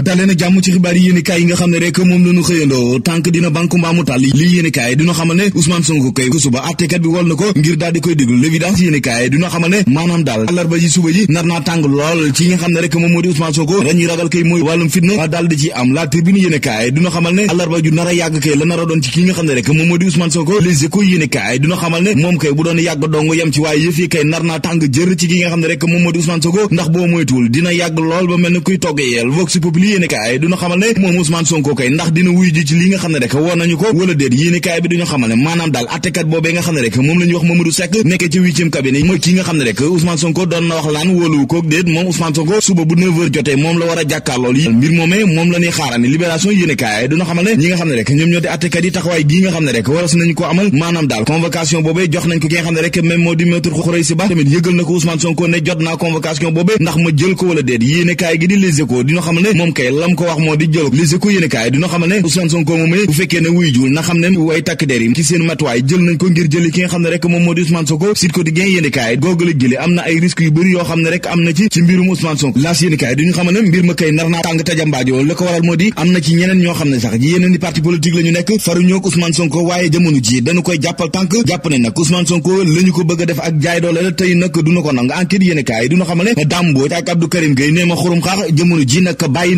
dalee na jàmm ci xibaar yi yéenekaay yi nga xam ne rek moom la ñu xëyandoo tànk na ko ngir daal di koy déglu l'évidence yéenekaay dina xamal ne moom moo di Ousmane Sonko dañuy ragal kay a yàgg a doon ci ki nga xam ne bu doon yàgg dong yem ci waaye yëf kay nar naa tàng jër ci ki nga xam ne rek moom moo di Ousmane Sonko ndax boo moytuwul dina yàgg lool ba mel ni kuy togg li yéen i kaay duñu xamal ne moom Ousmane Sonko kay ndax dina wuy ji ci li nga xamal ne maanaam daal attekat boobee nga xam ne rek moom la ñuy wax ne rek Ousmane Sonko doon na xamal ne ñi nga xam ne rek ñoom ñoo di attekat yi taxawaay gi nga xam ne rek war su nañu ko amal maanaam daal convocation boobee jox nañ ko ki xam ne rek même moo di maître Khoureyssi Ba tamit yëgal na ko Ousmane Sonko ne jot naa convocation boobee ndax ma jël ko wala moom kay lam ko wax moo di jël li si ko yéene kaay dina xam ne fekkee ne wuy jul na xam ne takk der yi ci seen jël nañ ko ngir jëli ki nga mbir ma kay nar naa tàng tajambaajoo la ko waral moo di am na ci ñeneen ñoo xam ne sax yeneen parti politique la ñu nekk faruñoo ak Ousmane Sonko waaye jamono ji dañu koy jàppal tànk jàpp ne nag Ousmane Sonko la ñu ko bëgg def ak jaay doole la tey nag du ko nangu enquête yéene kaay duñu ma xurum xaax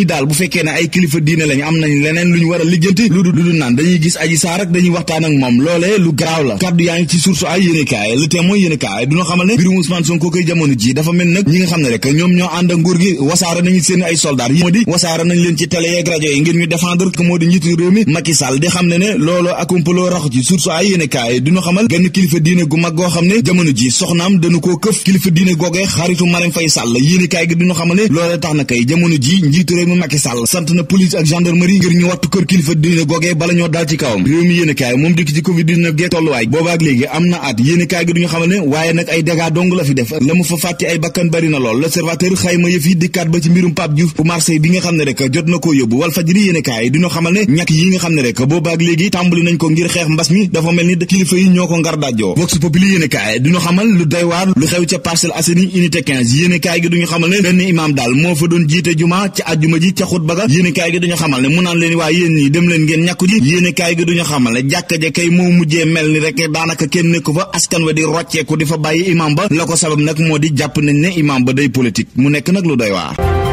ñii daal bu fekkee ne ay kilifa diine lañ am nañ leneen lu ñu war lu du du naan dañuy gis aji saar dañuy waxtaan ak moom loolee lu garaaw la kaddu yaa ngi ci source ay ay soldaar du ñu xamal ne jamono ji tax na kay jamono ji njiitu réew régime Macky Sall sant na police ak bi nga xam ne rek jot na koo yóbbu wal fajri yéen kaay duñu xamal ne ñàkk yi nga xam ne rek boobaak léegi tàmbali nañ ko ngir xeex mbas mi dafa mel ni kilifa yi ñoo ko ngar dajjoo vox populi yéen kaay duñu xamal lu doy lu xew ca Parcelles Assainies unité 15 yéen kaay gi duñu xamal ne benn moo fa doon jiite juma ci àjjuma ajjuma ji ca xutba ga yéenekaay gi duñu xamal ne mu naan leen waaye yéen ñi dem leen ngeen ñàkku ji yéenekaay gi duñu xamal ne jàkka ja kay moo mujjee mel ni rek daanaka kenn nekku fa askan wa di rocceeku di fa bàyyi imam ba la ko sabab nag moo di jàpp nañ ne imam ba day politique mu nekk nag lu day waar